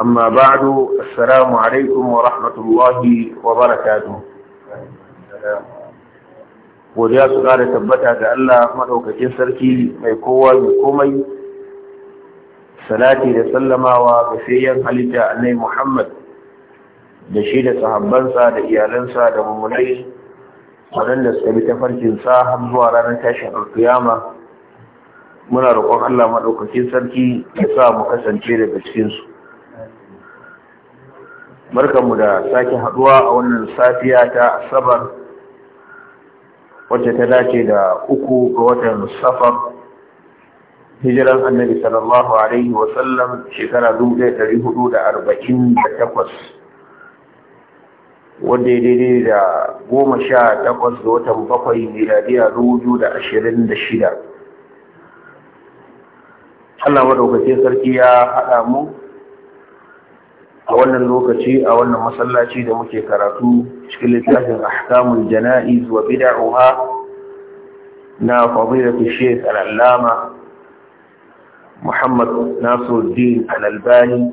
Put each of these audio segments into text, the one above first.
أما بعد السلام عليكم ورحمة الله وبركاته godiya su ƙara tabbata ga Allah maɗaukakin sarki mai kowa mai komai salati da sallamawa ga sayan halitta annai Muhammad da shi da sahabbansa da iyalansa da mummunai waɗanda suka bi tafarkinsa har zuwa ranar tashin alkiyama muna roƙon Allah maɗaukakin sarki ya sa mu kasance daga cikinsu barkanmu da sake haduwa a wannan safiya ta asabar wacce ta dace da uku ga watan safar hijiran annabi sallallahu alaihi wasallam shekara 1448 wadda ya daidai da goma sha takwas ga watan bakwai miladiya dubu da ashirin da shida Allah madaukakin sarki ya haɗa mu a wannan lokaci a wannan masallaci da muke karatu cikin littafin ahkamul jana'iz wa bid'uha na fadilatu Sheikh Al-Allama Muhammad Nasiruddin Al-Albani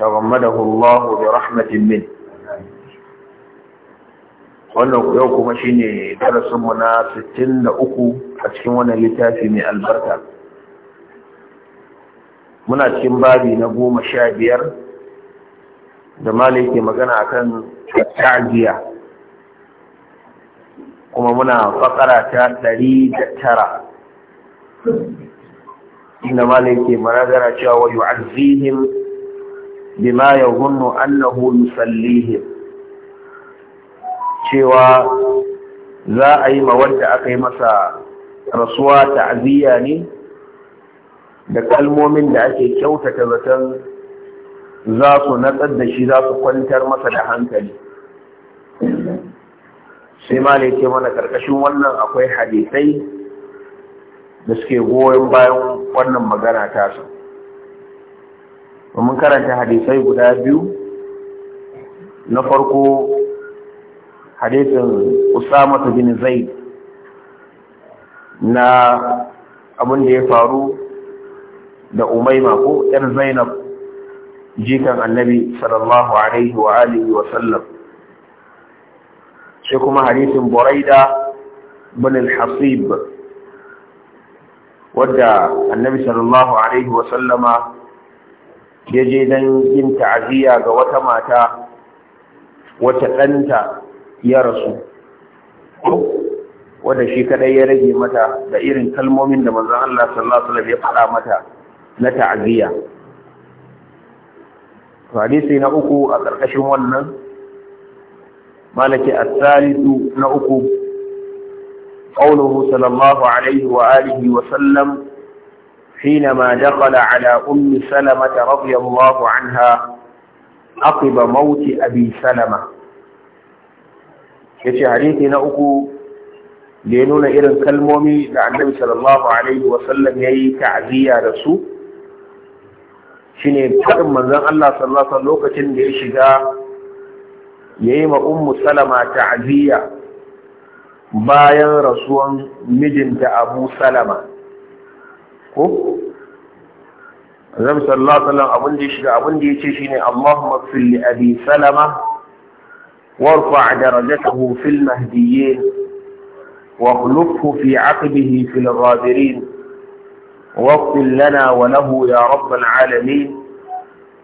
tagammadahu Allah bi rahmatin min wannan yau kuma shine darasin mu na 63 a cikin wannan littafi mai albarka muna cikin babi na goma sha biyar da mali magana akan ta'ajiya kuma muna fakara ta ɗari da tara inda mali ke managara cewa wa yu'azzihim bima yahunnu annahu yusallihim cewa za a yi ma wanda aka yi masa rasuwa ta'aziyya ne da kalmomin da ake kyautata zaton za su natsar da shi za su kwantar masa da hankali sai ma ne ce mana karkashin wannan akwai hadisai da suke goyon bayan wannan magana ta su mun karanta hadisai guda biyu na farko hadisin usama bin zaid na abin da ya faru da umaima ko yar zainab jikan annabi sallallahu alaihi wa alihi wa sallam shi kuma hadisin buraida bin al-hasib wadda annabi sallallahu alaihi wa sallama ya je don yin ta'aziyya ga wata mata wata ɗanta ya rasu wadda shi kadai ya rage mata da irin kalmomin da manzon Allah sallallahu alaihi wa sallam ya faɗa mata na ta'aziyya hadisi na uku a ƙarƙashin wannan malaki asalisu na uku قوله صلى الله عليه وآله وسلم حينما دخل على أم سلمة رضي الله عنها عقب موت أبي سلمة yace hadisi na uku da nuna irin kalmomi da annabi sallallahu alaihi wasallam ya yi ta'aziyya da su shine farin manzon Allah sallallahu alaihi wasallam lokacin da ya shiga yayin ma ummu salama ta'ziya bayan rasuwan mijinta Abu Salama ko Annabi sallallahu alaihi wasallam abin da ya shiga abin da yace shine Allahumma fil li abi salama warfa darajatahu fil mahdiyyin واخلفه في عقبه في الغابرين واغفر لنا وله يا رب العالمين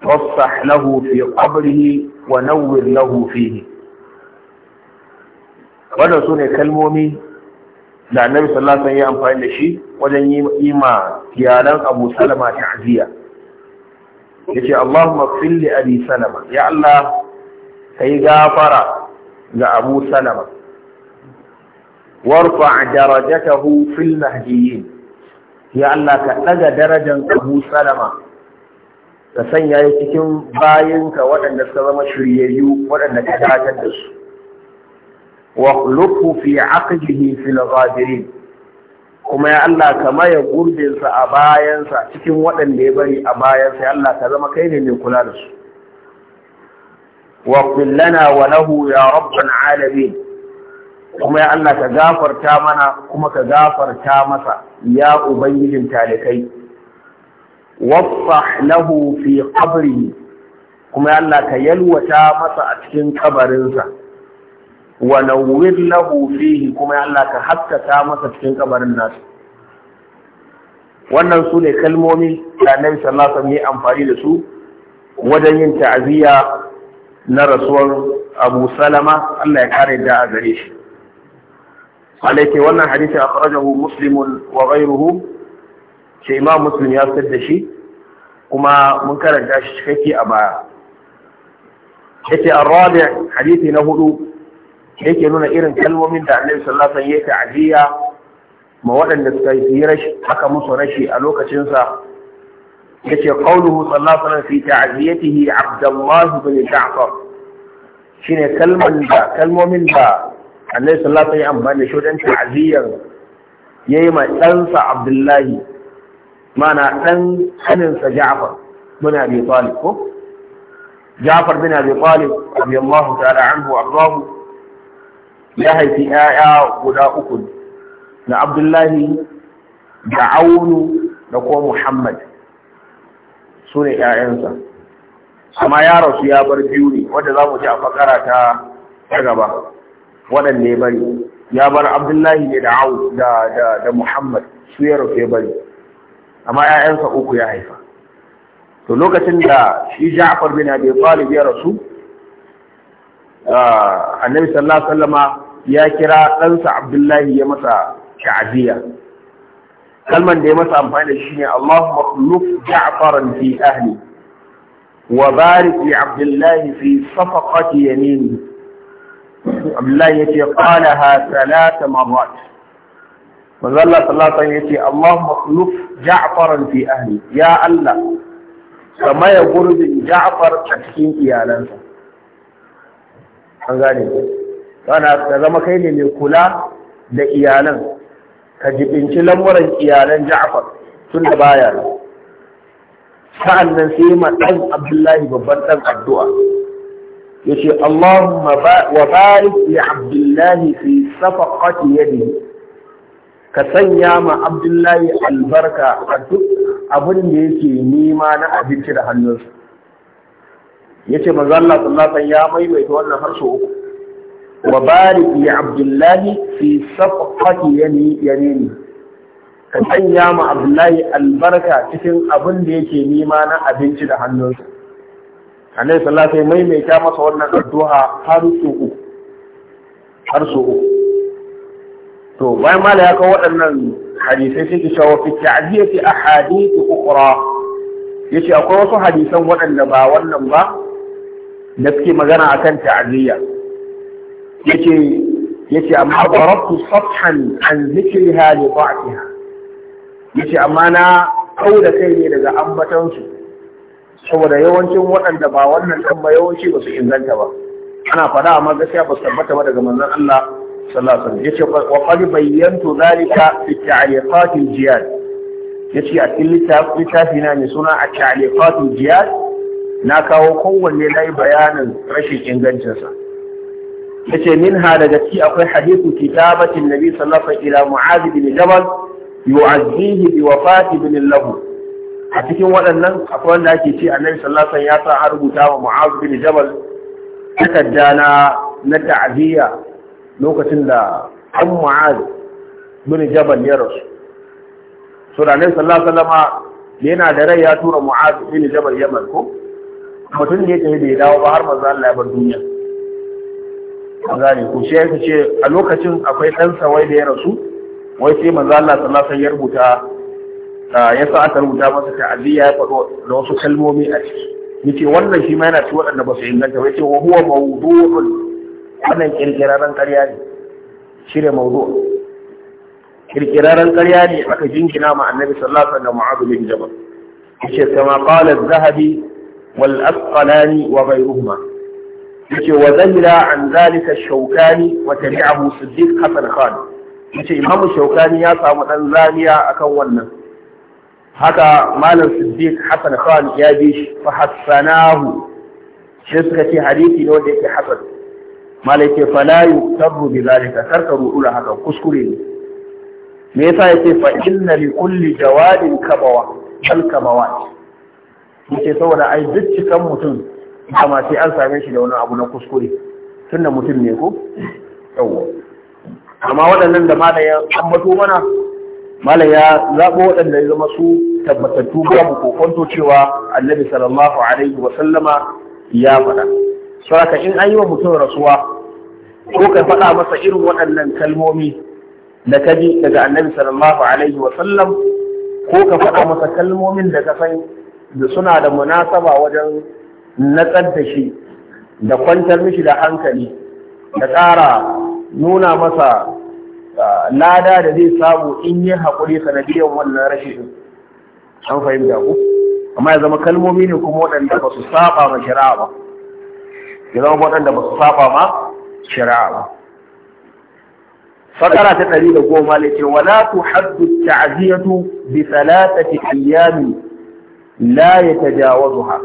وافسح له في قبره ونور له فيه wannan su ne kalmomi da annabi sallallahu alaihi wasallam ya amfani da shi wajen yi ma iyalan Abu Salama ta'ziya yace Allahumma fil li Abi Salama ya Allah kai gafara ga Abu Salama warfa darajatahu fil mahdiyyin ya Allah ka ɗaga darajan Abu Salama ka sanya ya cikin bayinka waɗanda suka zama shiryayyu waɗanda ka dajar da su wa khluqhu fi aqdihi fil ghadirin kuma ya Allah ka maye gurbinsa a bayansa cikin waɗanda ya bari a bayansa ya Allah ka zama kai ne mai kula da su wa lana wa lahu ya rabbal alamin kuma ya Allah ka gafarta mana kuma ka gafarta masa ya ubangijin talikai wafah lahu fi qabrihi kuma ya Allah ka yalwata masa a cikin kabarinsa wa nawwir lahu fihi kuma ya Allah ka haskaka masa cikin kabarin nasu wannan su ne kalmomi da Annabi sallallahu alaihi amfani da su wajen yin ta'aziyya na rasuwar Abu Salama Allah ya kare da a gare shi عليك وانا حديث أخرجه مسلم وغيره شيء ما مسلم ياسر دشي كما منكر الجاش شكي أبا حتى الرابع حديث نهدو yake nuna irin kalmomin da annabi sallallahu alaihi wasallam ya ma waɗanda suka yi rashi aka musu rashi a lokacin sa yace qauluhu sallallahu alaihi wasallam fi ta'ziyatihi Abdullah bin Ja'far shine kalman da kalmomin annabi sallallahu alaihi wasallam amfani da shi wajen ta'aziyar yayi ma ɗansa Abdullahi mana ɗan haninsa Ja'far bin Abi Talib ko Ja'far bin Abi Talib radiyallahu ta'ala anhu ardahu ya haifi 'ya'ya guda uku na Abdullahi da Aunu da ko Muhammad su ne 'ya'yansa amma ya rasu ya bar biyu ne wanda za mu ji a fakara ta gaba Waɗanne ya bari ya bar abdullahi ne da awu da muhammad su ya rufe bari amma 'ya'yansa uku ya haifa to lokacin da shi ja'far bin abi talib ya rasu annabi sallallahu alaihi wasallama ya kira ɗansa abdullahi ya masa ta'aziyya kalman da ya masa amfani da shi ne Allahumma khuluf ja'faran fi ahli wa barik li abdullahi fi safaqati yamini Abdullahi ya ce ƙwala ha salata marwat. mazalla salatan ya ce, Allah makluf ja'faran fi ahli, ya Allah, ka maye gurbin ja'far a cikin iyalansa. An gane ku. ka zama kai ne mai kula da iyalan, ka jibinci lamuran iyalan ja'far tun da baya nan. Sa'an nan sai ma ɗan Abdullahi babban ɗan addu'a. yace Allahumma wa barik li Abdullahi fi safaqati yadihi ka sanya ma Abdullahi albarka a duk abin da yake nima na abinci da hannunsa yace manzo Allah sallallahu alaihi ya maimaita wannan harshe sau uku wa barik li Abdullahi fi safaqati yamini ka sanya ma Abdullahi albarka cikin abin da yake nima na abinci da hannunsa annabi sallallahu alaihi wasallam maimaita masa wannan addu'a har su uku har su uku to bayan mala ya kawo waɗannan hadisai sai ki shawo fi ta'diyati ahadith ukhra yace akwai wasu hadisan waɗanda ba wannan ba da suke magana akan ta'ziya yace yace amma darabtu safhan an zikriha li da'fiha yace amma na da kai ne daga ambatansu saboda yawancin waɗanda ba wannan ɗan ba yawanci ba su inganta ba ana faɗa amma gaskiya ba su tabbata ba daga manzon Allah sallallahu alaihi wasallam yace wa qad bayyantu dhalika fi ta'liqat al-jihad yace a cikin littafi na ne suna a ta'liqat al-jihad na kawo kowanne nayi bayanin rashin ingancinsa yace minha daga ci akwai hadithu kitabatin nabi sallallahu alaihi wasallam ila mu'adh bin jabal yu'azzihi bi wafati bin lahu a cikin waɗannan akwai wanda ake ce annabi sallallahu alaihi ya sa a rubuta wa mu'az bin jabal takarda na na ta'ziya lokacin da an mu'az bin jabal ya rasu so da annabi sallallahu alaihi wasallama yana da rai ya tura mu'az bin jabal ya malko, mutum ne tafi da ya dawo ba har manzo Allah ya bar duniya ku ko yake ce a lokacin akwai ɗansa sawai da ya rasu wai sai manzo Allah sallallahu alaihi ya rubuta ya sa aka rubuta masa ta'aziyya ya faɗo da wasu kalmomi a ciki yace wannan shi ma yana ci waɗanda ba su inganta ba yace wa huwa mawdu'un wannan kirkiraren ƙarya ne shirya mawdu' kirkiraren ƙarya ne aka jingina ma annabi sallallahu alaihi wasallam mu'adh bin jabal yace kama qala az-zahabi wal asqalani wa ghayruhuma yace wa zahira an zalika shawkani wa tabi'ahu siddiq hasan khan yace imamu shawkani ya samu dan zaniya akan wannan haka malam siddiq hasan khan ya bi shi fa hassanahu shi suka ce hadisi ne wanda yake hasan malam yake la yuktabu bi zalika karka ula haka kuskure ne me yasa yake fa inna li kulli jawadin kabawa al kabawa yake saboda ai duk kan mutum amma sai an same shi da wani abu na kuskure tunda mutum ne ko yawa amma waɗannan da malam ya ambato mana malam ya zaɓo waɗanda ya zama su tabbatattu babu kokonto cewa annabi sallallahu alaihi wa sallama ya faɗa saboda in an yi wa mutum rasuwa ko ka faɗa masa irin waɗannan kalmomi da ka daga annabi sallallahu alaihi wa sallam ko ka faɗa masa kalmomin da ka san da suna da munasaba wajen natsar da shi da kwantar mishi da hankali da ƙara nuna masa ah, lada da zai samu in yi haƙuri sanadiyar wannan rashin an fahimta ku amma ya zama kalmomi ne kuma waɗanda ba su saba ma shari'a ba ya zama waɗanda ba su saba ma shari'a ba fakara ta ɗari da goma ne ce wala tu haddu ta'ziyatu bi thalathati ayyami la yatajawazuha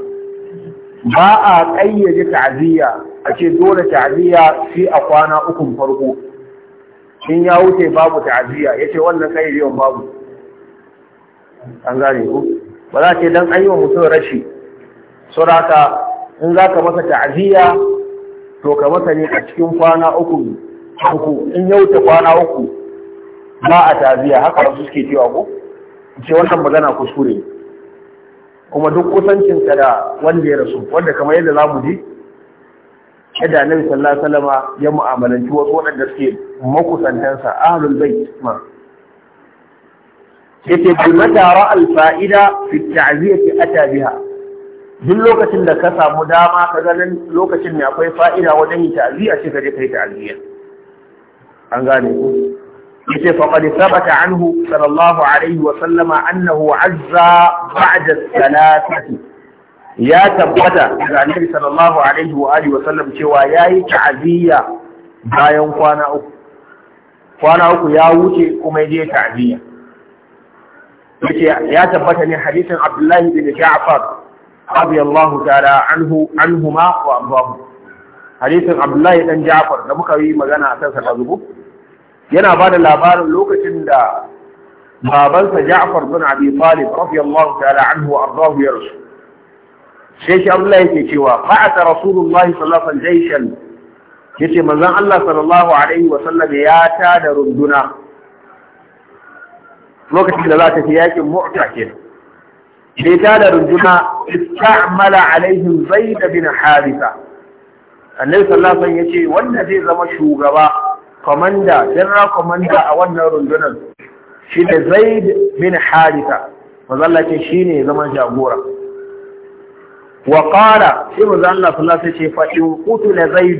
ba a ƙayyade ta'ziya a ce dole ta'ziya sai a kwana ukun farko in ya wuce babu ta'ziya yace wannan kayyadewan babu an gane ku ba za ce dan wa mutum rashi suraka in za ka masa ta'aziyya to ka masa ne a cikin kwana uku uku in yauta kwana uku ba a ta'aziyya haka wasu suke cewa Ku ce wannan magana kuskure kuma duk kusancin ka da wanda ya rasu wanda kamar yadda za mu ji yadda annabi sallallahu alaihi wasallama ya mu'amalanci wasu waɗanda suke makusantansa ahlul bait ma yace bi mata ra'al fa'ida fi ta'ziyati ata biha duk lokacin da ka samu dama ka ganin lokacin ne akwai fa'ida wajen yi ta'ziya shi ka je kai ta'ziya an gane ku yace faqad sabata anhu sallallahu alaihi wa sallama annahu azza ba'da salati ya tabbata daga annabi sallallahu alaihi wa alihi wa sallam cewa yayi ta'ziya bayan kwana uku kwana uku ya wuce kuma ya je ta'ziya yace ya tabbata ne hadisin Abdullahi bin Ja'far radiyallahu ta'ala anhu anhuma wa abwahu hadisin Abdullahi dan Ja'far da muka yi magana akan sa zubu yana ba da labarin lokacin da babansa Ja'far bin Abi Talib radiyallahu ta'ala anhu wa ardahu ya rasu sai shi Abdullahi yake cewa fa'ata Rasulullahi sallallahu alaihi wasallam jayshan yace manzon Allah sallallahu alaihi wasallam ya tada runduna lokacin da za ta fi yakin mu'ta kenan da ta da runduna istamala alaihim zaid bin harisa annabi sallallahu alaihi wasallam yace wanda zai zama shugaba komanda general komanda a wannan rundunar shi zaid bin harisa mazalla ce shine zama jagora wa qala sallallahu alaihi wasallam fa in qutila zaid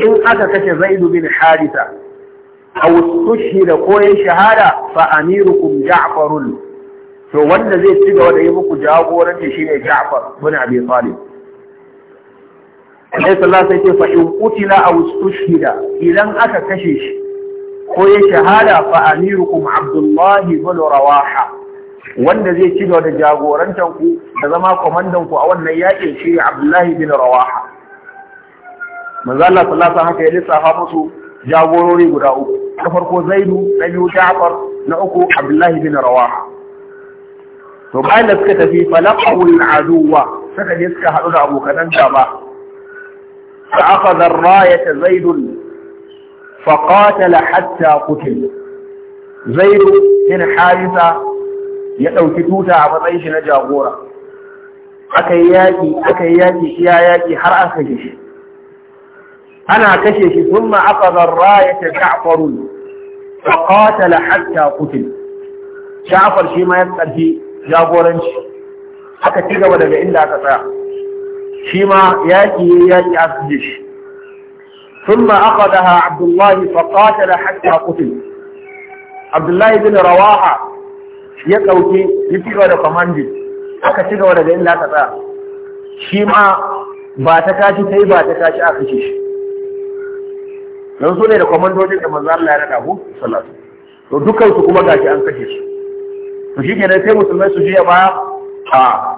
in aka kace zaid bin harisa aw tushhida ko yin shahada fa amirukum ja'farun to wanda zai ci gaba da yi muku jagoranci shine Ja'far ibn Abi Talib Allah sallallahu alaihi wasallam fa in qutila aw tushhida idan aka kashe shi ko yin shahada fa amirukum Abdullah ibn Rawaha wanda zai ci gaba da jagorantar ku da zama komandan ku a wannan yakin shi Abdullah ibn Rawaha manzo Allah sallallahu alaihi wasallam haka ya lissafa musu jagorori guda uku na farko zaidu na biyu ja'far na uku abdullahi bin rawaha to bayan da suka tafi falaqul aduwa suka je suka haɗu da abokan gaba fa akhadha ar-rayata zaid fa qatala hatta qutil zaid bin harisa ya dauki tuta a matsayin shi na jagora aka yi yaki aka yi yaki iya yaki har aka kashe shi ana kashe shi thumma akhadha ar-rayata ja'farun فقاتل حتى قتل Sha'afar shi ma ya tsarki jagoranci aka ci gaba daga inda aka tsaya shi ma yaƙi yaƙi a suje shi aka أخذها Abdullahi الله فقاتل حتى قتل عبد الله بن رواحة يقوتي يتيغو da كمانجي aka ci gaba daga inda aka tsaya shi ma ba ta tashi sai ba ta kashi aka ci shi don su ne da kwamandojin da manzo Allah ya rada ku sallatu to dukkan su kuma gashi an kashe su to shi kenan sai musulmai su jiya baya a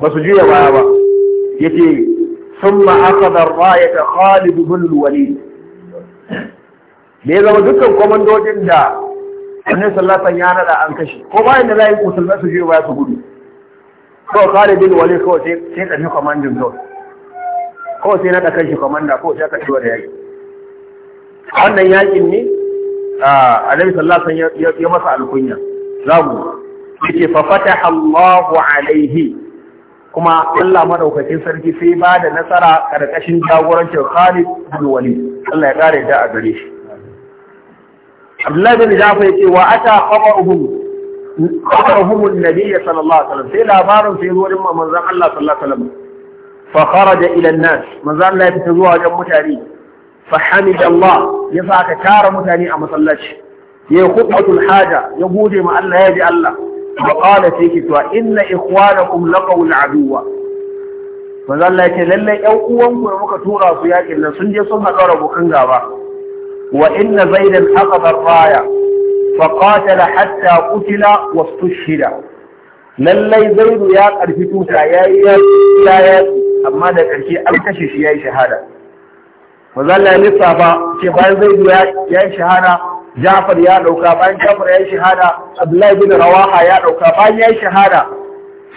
ba su jiya baya ba yace summa akhadha ar-rayata Khalid bin al-Walid me zama dukkan kwamandojin da annabi sallallahu alaihi wasallam ya rada an kashe ko bayan da zai musulmai su jiya ba su gudu ko Khalid bin Walid ko sai sai da kwamandin kawai kawai sai naɗa kan shi kwamanda ko sai aka ciwo da yaƙi wannan yaƙin ne a alaihi wasallam ya masa alkunya zamu yake fa fataha Allahu alaihi kuma Allah madaukakin sarki sai ba da nasara karkashin jagorancin Khalid bin Walid Allah ya kare da a gare shi Abdullahi bin Jafar yake wa ata khabaruhum khabaruhum an-nabiy sallallahu alaihi wasallam sai labarin sai zo manzon Allah sallallahu alaihi wasallam فخرج إلى الناس مازال لا يتزوى جم متاني فحمد الله يفع كتار متاني أما صلتش يخطأة الحاجة يبوجي مع ألا يجي الله وقال كتوى إن إخوانكم لقوا العدوة مازال لا يتزوى للي أوقوهم كنا مكتورا فيها إلا سنجي صنع قربوا كنغابا وإن زيدا أقض الراية فقاتل حتى قتل واستشهد للي زيد يا أرفتوسا يا يا يا يا يا يا amma da ƙarshe an kashe shi ya yi shahada mazalla ya lissafa ce bayan zai ya yi shahada jafar ya ɗauka bayan jafar ya yi shahada abdullahi bin rawaha ya ɗauka bayan ya yi shahada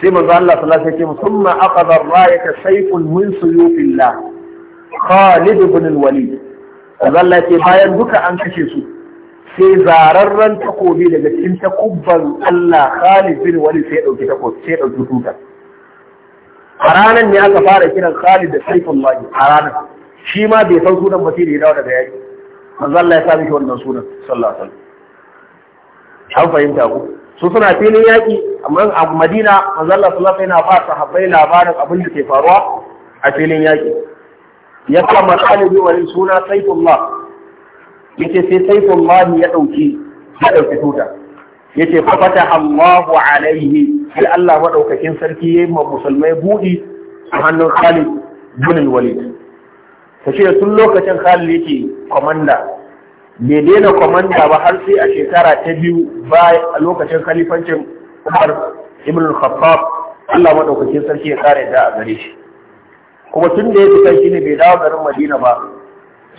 sai manzo Allah sallallahu alaihi wasallam thumma aqadha rayaka sayfun min suyufillah Khalid ibn al-Walid Allah ce bayan duka an kashe su sai zararren takobi daga cikin takubban Allah Khalid bin Walid sai ya ɗauki takobi sai ya tutar a ranar ne aka fara kiran Khalid da Lagi a ranar shi ma bai san sunan ba sai da ya dawo daga yaki manzo Allah ya sa mishi wannan sunan sallallahu alaihi wasallam an fahimta ku su suna filin yaki amma a Madina manzo Allah sallallahu alaihi wasallam yana ba sahabbai labarin abin da ke faruwa a filin yaki ya kama Khalid wani suna Saifullah ce sai Saifullah ya dauki ya dauki tuta yace fa fata Allahu alaihi sai Allah maɗaukakin sarki ya ma musulmai budi a hannun Khalid bin Walid kace tun lokacin Khalid yake komanda bai daina komanda ba har sai a shekara ta biyu ba lokacin khalifancin Umar ibn al-Khattab Allah madaukakin sarki ya kare da a gare shi kuma tun da ya fita shi ne bai dawo garin Madina ba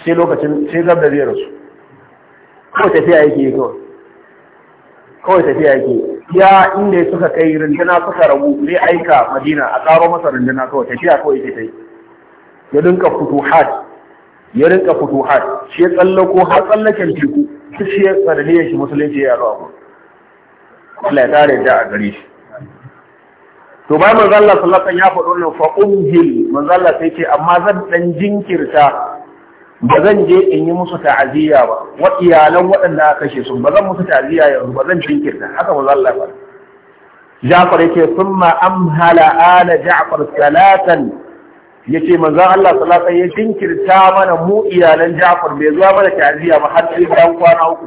sai lokacin sai zabda zai rasu ko tafiya yake yi kawai kawai tafiya yake ya inda suka kai rindina suka rabu zai aika madina a karo masa rindina kawai tafiya kawai ita yi ya rinka futuhat ya rinka futuhat shi ya tsallako har tsallaken teku su shi ya sanadiyar shi musulunci ya a ku Allah ya tare da a gare shi to bai manzo Allah sallallahu alaihi wasallam ya faɗo nan fa umhil manzo Allah sai ce amma zan dan jinkirta ba zan je in yi musu ta'aziyya ba wa iyalan waɗanda aka kashe su ba zan musu ta'aziyya yanzu ba zan jinkirta haka ba zan lafa Ja'far yake summa amhala ala Ja'far salatan yace manzon Allah sallallahu alaihi ya jinkirta mana mu iyalan Ja'far bai zuwa mana ta'aziyya ba har sai dan kwana uku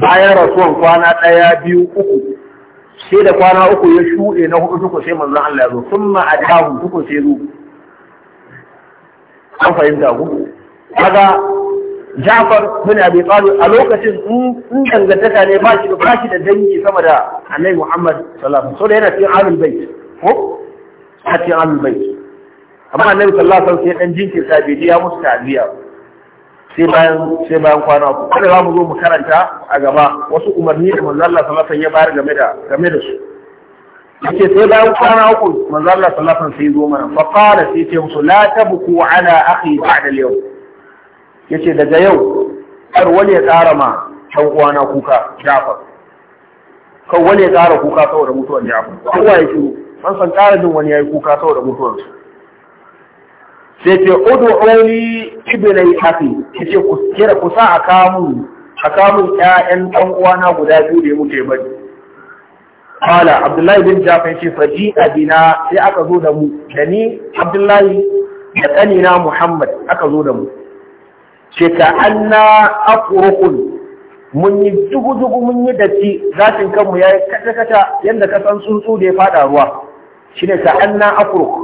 bayan rasuwan kwana ɗaya biyu uku sai da kwana uku ya shuɗe na hudu tuku sai manzon Allah ya zo summa adahu tuku sai zuwa an fahimta ku kaga Jafar bin Abi Talib a lokacin in dangantaka ne ba shi ba shi da dangi sama da Annabi Muhammad sallallahu alaihi wasallam da yana cikin Ahlul Bait ko a cikin Ahlul Bait amma Annabi sallallahu alaihi wasallam sai dan jinkirta bai da ya musu ta'ziya sai bayan sai bayan kwana ku kada za mu zo mu karanta a gaba wasu umarni da manzo Allah sallallahu alaihi wasallam ya bayar game da game da su yake sai bayan kwana uku manzo Allah sallallahu alaihi wasallam sai zo mana fa qala sai ce musu la tabku ala akhi ba'da al-yawm yace daga yau kar wani ya tsara ma dan uwana kuka Jafar kan wani ya tsara kuka saboda mutuwar Jafar ko wai shi san san tsara din wani yayi kuka saboda mutuwar su sai ce ibn ibnai hafi yace ku kira ku sa a kamun a kamun ƴaƴan dan uwana guda biyu da ya bari Kala Abdullahi bin Jafar shi faji abina sai aka zo da mu da ni Abdullahi da ƙanina Muhammad aka zo da mu. Ce ka anna aqurukun mun yi dugu-dugu mun yi datti zatin kanmu ya yi kata-kata yadda ka san tsuntsu da ya fada ruwa shi ne ka anna aquruk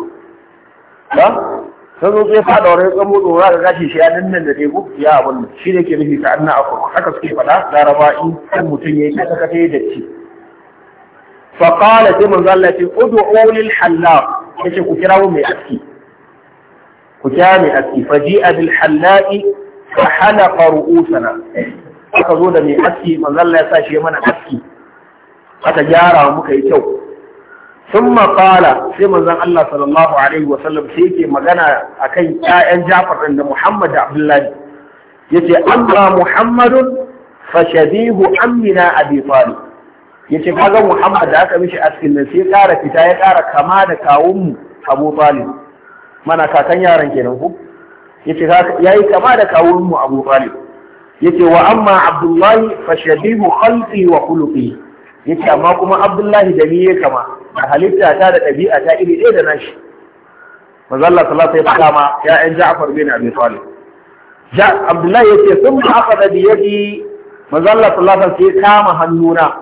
ba san tsuntsu ya fada ruwa ya tsamo tsora ga gashi shi ya nan da teku ya abun shi ne ke nufi ka anna aquruk haka suke faɗa larabawa in kan mutum ya yi kata-kata ya datti Faƙala sai manzo Allah ce ud'u lil hallaq yace ku kirawo mai aski ku kira mai aski fa ji'a bil hallaqi fa halaqa ru'usana aka zo da mai aski manzo Allah ya sa shi mana aski aka gyara muka yi kyau ثم قال sai manzon Allah sallallahu alaihi wa sallam sai yake magana akan ƴaƴan Ja'far da Muhammad da Abdullahi yace amma Muhammadun fa shabihu ammina Abi Talib Ya ce kaga Muhammad da aka mishi askin nan sai ƙara fita ya ƙara kama da kawun mu Abu Talib mana kakan yaran kenan ko yace yayi kama da kawun mu Abu Talib ce wa amma Abdullahi fa shabihu khalqi wa khuluqi ce amma kuma Abdullahi da ni ya kama da halitta ta da ɗabi'a ta iri ɗaya da nashi manzo Allah sallallahu alaihi wasallam ya ƴan Ja'far bin Abi Talib ja Abdullahi yace sun haka da biyadi manzo Allah sallallahu alaihi wasallam sai kama hannuna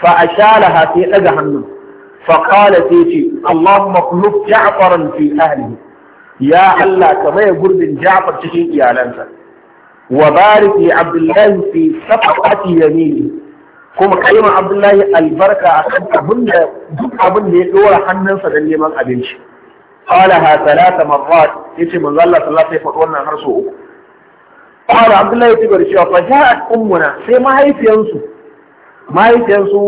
fa ashalaha sai daga hannu. fa qala sai ce Allahumma qulub ja'faran fi ahlihi ya Allah ka maya gurbin Ja'far cikin iyalansa wa barik li Abdullahi fi safaqati yamini kuma wa Abdullahi albarka a kan da duk abin ya dora hannunsa da neman abinci قالها ثلاث مرات يتي من الله صلى الله عليه وسلم هرسو قال عبد الله يتبر شيء فجاءت أمنا سيما هي في mahaifiyarsu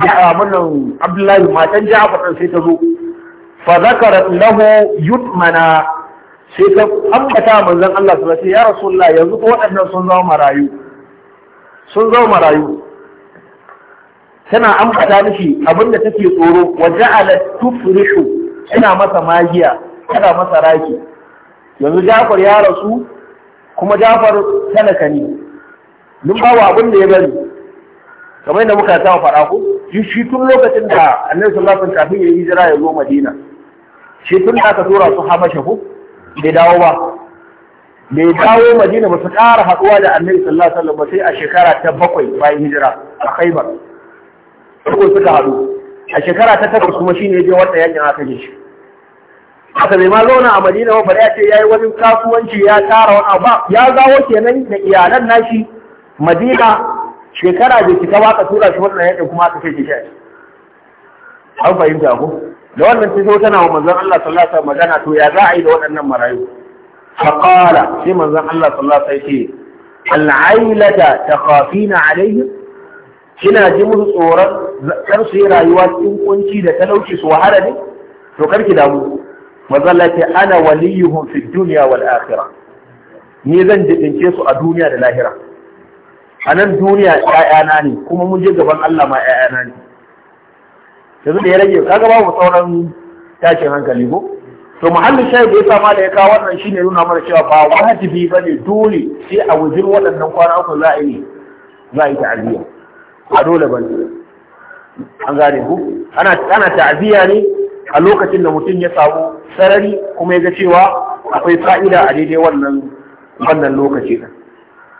abinnan abdullahi matan Jafar ɗin sai ta zo fa zakara lahu yutmana sai ta ambata manzon Allah su ce ya rasulullah yanzu ko waɗannan sun zama marayu sun zama marayu tana ambata mishi abinda take tsoro wa ja'alat tufrishu tana masa magiya tana masa raki yanzu Ja'far ya rasu kuma Ja'far talaka ne duk babu abin da ya bari kamar yadda muka ta faɗa ku shi tun lokacin da annabi sallallahu alaihi wasallam kafin ya hijira ya zo Madina shi tun da aka tura su Habasha ku? bai dawo ba bai dawo Madina ba su ƙara haɗuwa da annabi sallallahu alaihi wasallam ba sai a shekara ta bakwai bayan hijira a Khaibar ko suka haɗu a shekara ta takwas kuma shine je wata yakin aka ji shi aka bai ma zauna a Madina ba bari ya ce yayi wani kasuwanci ya tara wani abu ya zawo kenan da iyalan nashi Madina shekara da cika ba ka tura shi wannan yadda kuma aka kai shi an fahimta ko da wannan ta zo tana wa manzon Allah sallallahu alaihi wasallam magana to ya za a yi da waɗannan marayu faqala sai manzon Allah sallallahu alaihi wasallam sai al-ailata takhafina alaihim kina ji musu tsoron kar su yi rayuwa cikin kunci da talauci su wahala ne to karki damu manzon Allah ce ana waliyuhum fid dunya wal akhirah ni zan jibince su a duniya da lahira a nan duniya ‘ya'yana ne kuma mun je gaban Allah ma ‘ya'yana ne yanzu da ya rage kaga babu sauran tashin hankali ko to muhallin shayi da ya sama da ya kawo wannan shine nuna mana cewa ba wajibi ba ne dole sai a wajen waɗannan kwana uku za a yi za a yi ta'aziyya a dole ba an gane ku ana ana ta'aziyya ne a lokacin da mutum ya samu sarari kuma ya ga cewa akwai fa'ida a daidai wannan wannan lokaci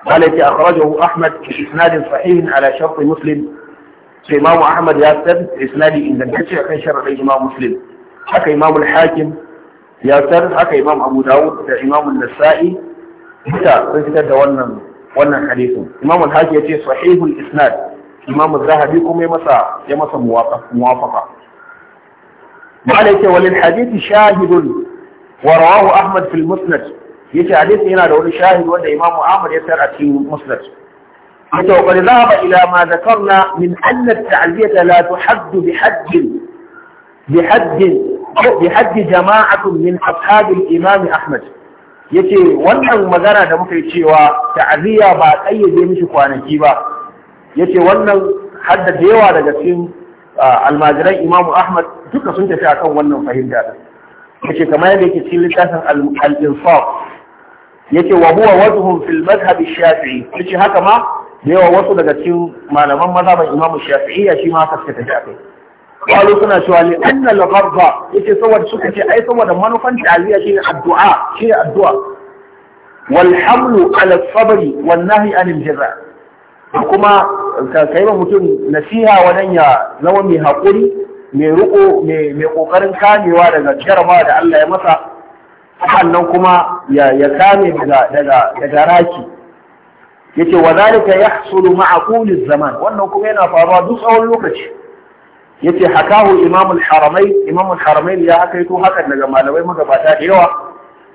والتي أخرجه أحمد في إسناد صحيح على شرط مسلم في إمام أحمد ياسر إسناد إن لم يسع في شرع الإمام مسلم حكى إمام الحاكم ياسر حكى إمام أبو داود إمام النسائي متى رفت دولنا ونا حديث إمام الحاكم يتي صحيح الإسناد إمام الذهبي كم يمسى يمسى موافقة موافقة وعليك وللحديث شاهد ورواه أحمد في المسند yace hadisi yana da wani shahid wanda imamu Ahmad ya tsara a cikin Musnad yace wa qad dhahaba ila ma dhakarna min anna at-ta'liyata la tuhaddu bi hadd bi hadd bi hadd jama'atun min ashab al-imam Ahmad yace wannan magana da muka yi cewa ta'ziya ba kayyade mishi kwanaki ba yace wannan hadda da yawa daga cikin almajiran Imam Ahmad duka sun tafi akan wannan fahimta yace kamar yadda yake cikin littafin al-Insaf yace wa huwa wajhun fil madhhab ash-shafi'i yace haka ma da yawa wasu daga cikin malaman mazhaban Imam Shafi'i shi ma haka suka tafi qalu suna cewa li anna al-gharba yace saboda suka ce ai saboda manufan ta'aliya shine addu'a shine addu'a wal hamlu ala sabri wan nahyi anil jaza kuma kai mutum nasiha wajen ya zama mai hakuri mai riko mai kokarin kamewa daga jarabawa da Allah ya masa sannan kuma ya kame daga raki ce wa zalika yahsulu ma'a zaman wannan kuma yana faruwa duk tsawon lokaci yace hakahu imam al imamul haramai? al-haramain ya akaito haka daga malamai magabata da yawa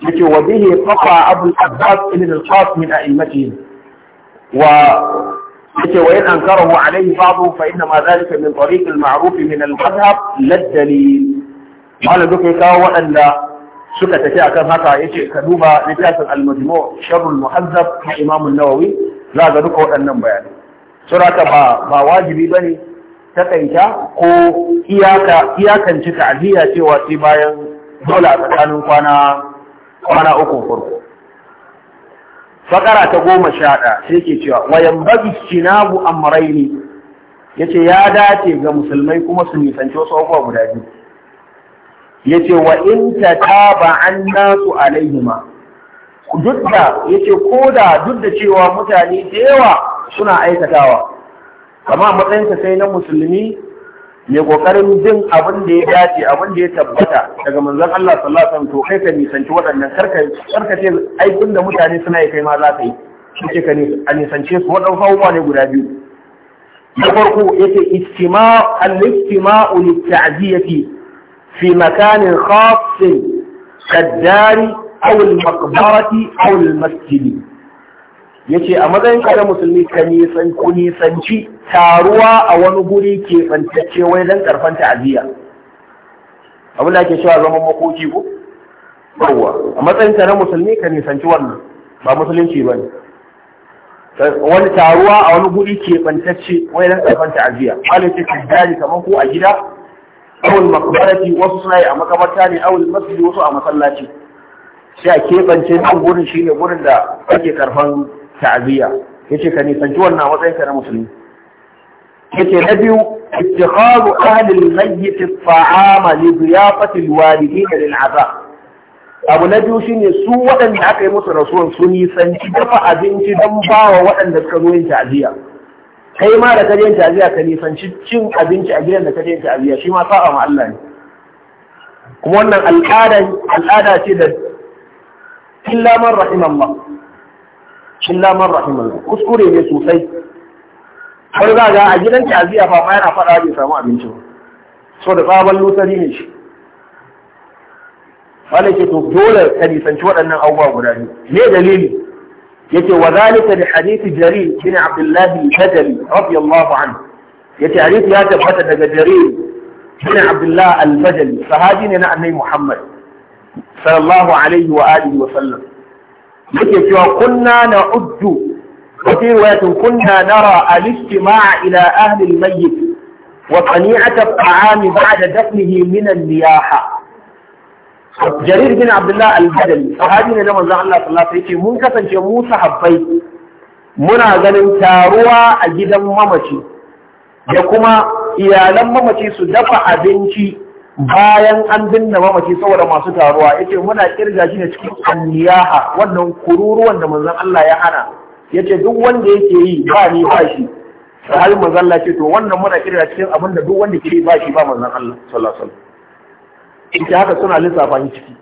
yace wa bihi qafa abu al-abbas ilin al min a'immatihi wa yace wa in mu alayhi babu fa inna ma zalika min tariq al min al-madhhab la malam duka kawo waɗanda suka tafi akan haka yace ka duba littafin al-majmu' sharrul muhazzab ha Imam an-Nawawi za ga duka waɗannan bayanai suraka ba ba wajibi bane tsaita ko iyaka iyakan ci ta'liya cewa sai bayan dole a tsakanin kwana kwana uku farko fakara ta goma sha ɗaya sai ke cewa wayan bagi cinabu amraini yace ya dace ga musulmai kuma su nisanci wasu abubuwa guda biyu yace wa in tataba an nasu alaihima duk da yace da duk da cewa mutane da yawa suna aikatawa amma matsayinsa sai na musulmi mai kokarin jin abin da ya dace abin da ya tabbata daga manzon Allah sallallahu alaihi wasallam to kai ka nisanci waɗannan karka karka ce aikin da mutane suna yi kai ma za ka yi ka a nisance su ne guda biyu na farko yace istima'u al-istima'u taziyati في مكان خاص كالدار أو المقبرة أو المسجد yace a matsayin ka musulmi ka nisan ku nisanci taruwa a wani guri ke fantacce wai dan karfan ta'aziyya abin da ake cewa zaman makoki ko yawwa a matsayin ka na musulmi ka nisanci wannan ba musulunci bane wani taruwa a wani guri ke fantacce wai dan karfan ta'aziyya malai ce ka dali kamar ko a gida awul makbarati wasu suna yi a makabarta ne awul masjid wasu a masallaci sai a keɓance nan gurin shine gurin da ake karfan ta'aziyya yace ka nisanci wannan matsayin ka na musulmi yace na biyu ittikhadu ahli al-mayyit at-ta'ama li ziyafati al-walidin lil aza. abu na biyu shine su waɗanda aka yi musu rasuwan sun nisanci dafa abinci don bawa waɗanda suka zo yin ta'aziyya kai ma da kajen tabiya ka nisanci cin abinci a gidan da kajen tabiya shi ma sa'a ma Allah ne kuma wannan al'ada ce da illa rahiman ba. illa man rahimallah kuskure ne sosai har za ga a gidan tabiya fa ma yana fada bai samu abinci ba so da tsaban lusari ne shi wanda ke to dole ka nisanci waɗannan abubuwa guda biyu me dalili يتي وذلك لحديث جرير بن عبد الله البدري رضي الله عنه يتي حديث يا تبعت جرير بن عبد الله البدري فهذه نعم محمد صلى الله عليه واله وسلم يتي وقلنا نعد وفي رواية كنا نرى الاجتماع إلى أهل الميت وصنيعة الطعام بعد دفنه من النياحة jarir bin abdullah al-badali sahabi ne na manzon Allah sallallahu alaihi wasallam mun kasance mu sahabbai muna ganin taruwa a gidan mamaci da kuma iyalan mamaci su dafa abinci bayan an binne mamaci saboda masu taruwa yace muna kirga shi ne cikin anniyaha wannan kururuwan da manzon Allah ya hana yace duk wanda yake yi ba ni ba shi sahabi manzon Allah ce to wannan muna kirga cikin abin da duk wanda ke ba shi ba manzon Allah sallallahu alaihi wasallam In ta haka suna lissafa shi ciki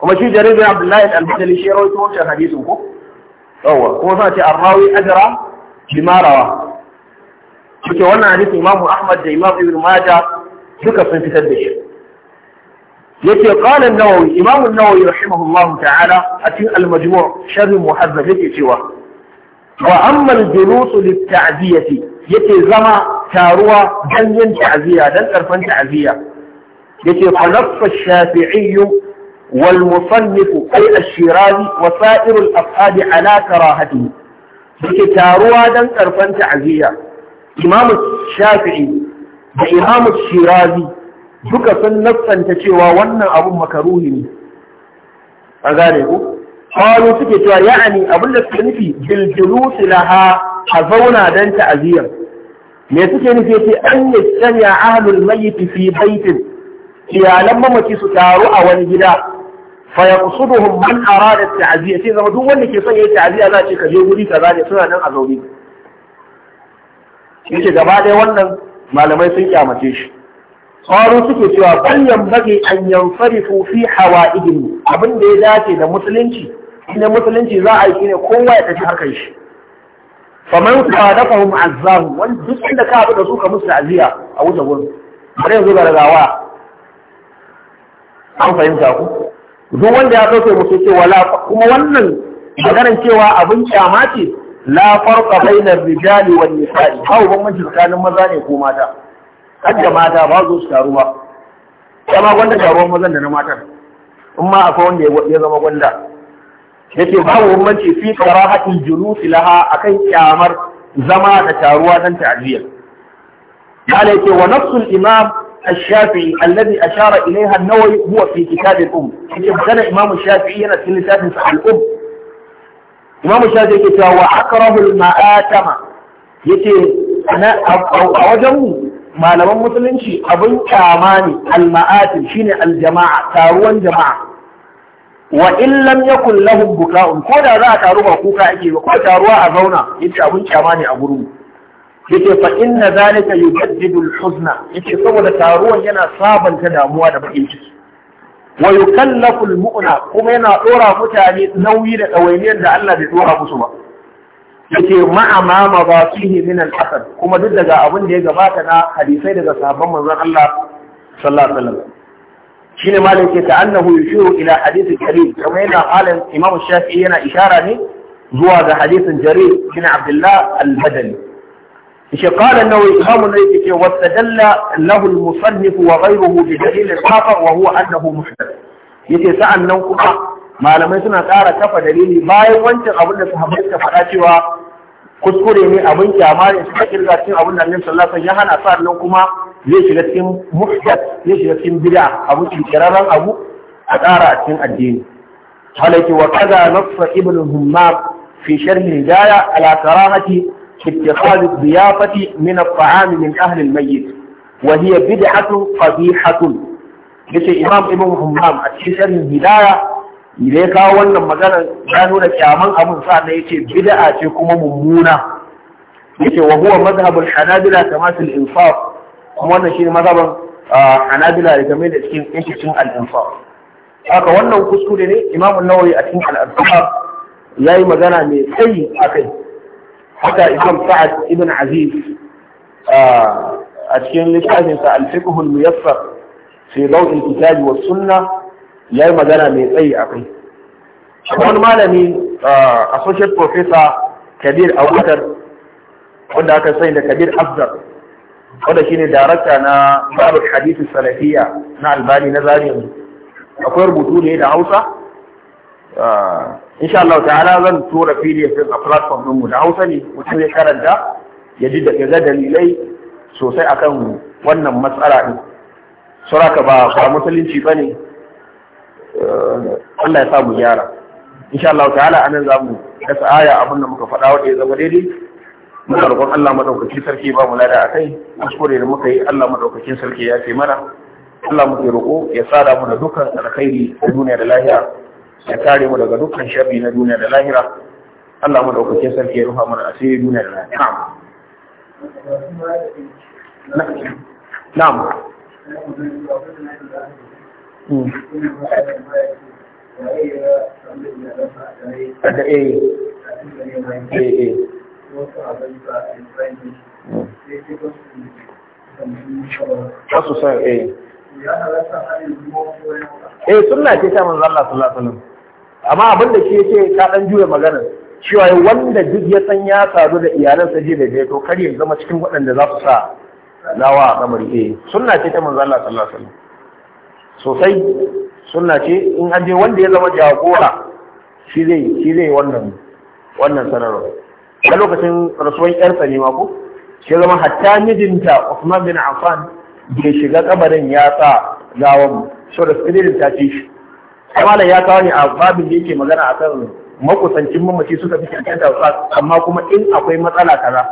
kuma shi jarir bin abdullahi al-bajali shi rawaito wancan hadisin ko yawa kuma sa ce arrawi ajra bimarawa cike wannan hadisin imam ahmad da imam ibn majah duka sun fitar da shi yace qala an-nawawi imam an-nawawi rahimahullah ta'ala a cikin al-majmu' sharh muhazzab yake cewa wa amma al-julus lit-ta'ziyati yake zama taruwa dan yin ta'ziya dan karfan ta'ziya yace qalafa shafi'i wal musannif ay ash-shirazi wa sa'ir al-afhad ala karahatihi yace taruwa dan karfan ta'ziya imam shafi'i da imam shirazi duka sun nassanta cewa wannan abun makaruhi ne a gane ku qalu suke cewa ya'ani abin da suke nufi bil julus a zauna dan ta'ziyar me suke nufi yace an yi yastami'a ahlul mayyit fi baitin iyalan mamaci su taru a wani gida fa yaqsuduhum man arada ta'aziyya sai zama duk wanda ke son yayi ta'aziyya za ce ka je guri kaza ne suna nan a zaune yake gaba ɗaya wannan malamai sun kyamace shi tsaro suke cewa bal bage an yanfarifu fi hawaidin abin da ya dace da musulunci ina musulunci za a yi ne kowa ya tafi harkar shi faman azzam wani duk inda ka haɗu da su musu ta'ziya a wuce gurin har yanzu an fahimta ku duk wanda ya kauce musu cewa kuma wannan maganar cewa abin kyama ce la farqa bainar rijali wan nisa'i hau bambanci tsakanin maza ne ko mata hadda mata ba zo su taru ba kama gwanda taruwar mazan da na matar. in ma akwai wanda ya zama gwanda yake babu bambanci fi karahatil julusi laha akan kyamar zama da taruwa dan ta'aziyar. ya ke wa nafsul imam الشافعي الذي أشار إليها النووي هو في كتاب الأم كان إمام الشافعي هنا في لسان الأم إمام الشافعي يقول وأكره المآتم يقول أنا أوجه malaman musulunci abin kyama ne alma'atin shine aljama'a taruwan jama'a wa in lam yakun lahum buka'un ko da za a taru ba kuka ake ba ko taruwa a zauna yace abin kyama ne a gurin yake fa inna zalika yujaddidu al-huzna yake saboda taruwan yana sabanta damuwa da bakin ciki wa yukallafu al-mu'na kuma yana dora mutane nauyi da dawainiyar da Allah bai dora musu ba yake ma'a ma ma ba fihi min al-asad kuma duk daga abin da ya gabata na hadisai daga sahabban manzon Allah sallallahu alaihi wasallam shine malam ke ta annahu yushiru ila hadith al-karim kuma yana halin Imam Shafi'i yana ishara ne zuwa ga hadisin Jarir bin Abdullah al-Badali shi qala an-nawawi imam an-nawawi yake wa tadalla lahu al-musannif wa ghayruhu bi dalil al-haqa wa huwa annahu yace sa'an nan kuma malamai suna ƙara kafa dalili bayan wancan abin da sahabbai suka faɗa cewa kuskure ne abin kyama ne suka kirga cikin abin da Annabi sallallahu alaihi ya hana sa'an nan kuma zai shiga cikin muhdath zai shiga cikin bid'a abu kirarran abu a ƙara a cikin addini halaki wa kaza nafsa ibn hummam fi sharhi hidaya ala karamati اتخاذ الضيافة من الطعام من أهل الميت وهي بدعة قبيحة yace imam ibn hammam a cikin sharhin hidaya ne ya kawo wannan magana ya nuna kyaman abin sa na yace bid'a ce kuma mummuna yace wa huwa madhhabul hanabila kama fil infaq kuma wannan shine madhaban hanabila game da cikin cikin al-infaq haka wannan kuskure ne imam an a cikin al ya yi magana mai tsayi akai haka imam sa'ad ibn aziz a cikin littafinsa al-fiqh muyassar fi daw'il kitab wa sunnah yayi magana mai tsayi akai wani malami associate professor kabir abubakar wanda aka sani da kabir afzar wanda shine darakta na babu hadithin salafiya na albani na zariya akwai rubutu ne da hausa insha Allah ta'ala zan tura PDF a platform din mu da Hausa ne mutum karanta ya ji daga dalilai sosai akan wannan matsala din suraka ba ba musulunci bane eh, Allah ya sa mu gyara insha Allah ta'ala anan zamu dasa aya abin da muka faɗa wanda ya zama daidai mu roƙon Allah madaukakin sarki ba mu lada akai kuskure da muka yi Allah madaukakin sarki ya ce mana Allah muke roƙo ya sada mu da dukkan alkhairi a duniya da lahiya ya kare mu daga dukkan sharri na duniya da lahira Allah mu daukakin sarki ya rufa mana asiri duniya da lahira na'am hmm. da hmm. Wasu sai eh. Eh sunna ce ta manzo Allah sallallahu alaihi wasallam. amma abin da ke ce ka dan juya magana cewa wanda duk ya san ya sadu da iyalansa je da dai to kar ya zama cikin waɗanda za su sa lawa a kamar eh sunna ce ta manzo Allah sallallahu alaihi wasallam sosai sunna ce in an je wanda ya zama jagora shi zai shi zai wannan wannan sanarwa a lokacin rasuwan yarsa ne ma ko shi zama hatta mijinta Uthman bin Affan bai shiga kabarin ya sa lawan so da tsirin ta ce shi malam ya kawo ne a babin da yake magana akan makusancin mamaci suka fi cancanta amma kuma in akwai matsala kaza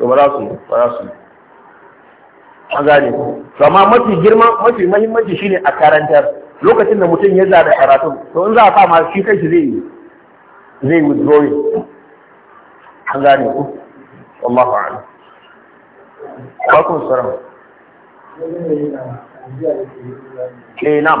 to ba za su ba za su an gane amma mafi girma mafi mahimmanci shine a karantar lokacin da mutum ya zaɓi karatun to in za a fama shi kai shi zai zai withdrawing an gane ku wallahu a'lam wa kun salam eh na'am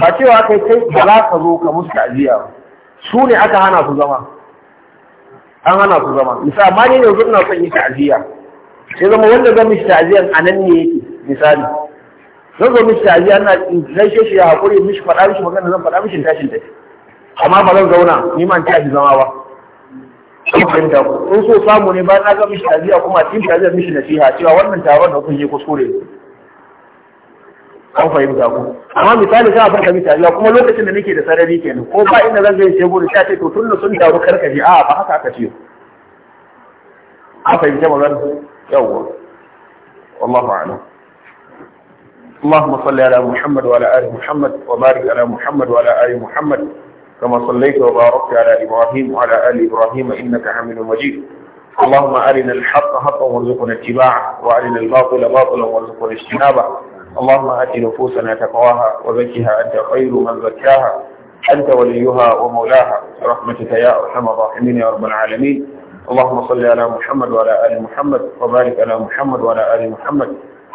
ba cewa kai kai ba za ka zo ka musu ajiya ba su ne aka hana su zama an hana su zama misali amma ne yanzu ina son yi ta'aziyya sai zama wanda zan mishi ta'aziyyan a nan ne yake misali zan zo mishi ta'aziyya ina gaishe shi ya haƙuri mishi faɗa mishi magana zan faɗa mishi tashin tafi amma ba zan zauna ni ma ta shi zama ba in so samu ne bayan na ga mishi ta'aziyya kuma a cikin ta'aziyyar mishi nasiha cewa wannan taron da kun yi kuskure an fahimta ku amma misali za a barka misali ya kuma lokacin da nake da sarari kenan ko ba inda zan gani shegu da ce to tun sun dawo karka ji a ba haka aka ce an fahimta magana yawwa wallahu a'lam اللهم صل على محمد وعلى آل محمد وبارك على محمد وعلى آل محمد كما صليت وباركت على إبراهيم وعلى آل إبراهيم إنك حميد مجيد اللهم أرنا الحق حقا وارزقنا اتباعه وأرنا الباطل باطلا وارزقنا اجتنابه اللهم آت نفوسنا تقواها وزكها أنت خير من زكاها أنت وليها ومولاها برحمتك يا أرحم الراحمين يا رب العالمين اللهم صل على محمد وعلى آل محمد وبارك على محمد وعلى آل محمد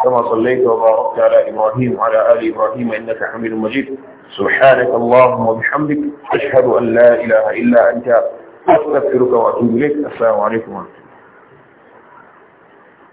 كما صليت وباركت على إبراهيم وعلى آل إبراهيم إنك حميد مجيد سبحانك اللهم وبحمدك أشهد أن لا إله إلا أنت أستغفرك وأتوب إليك السلام عليكم ورحمة الله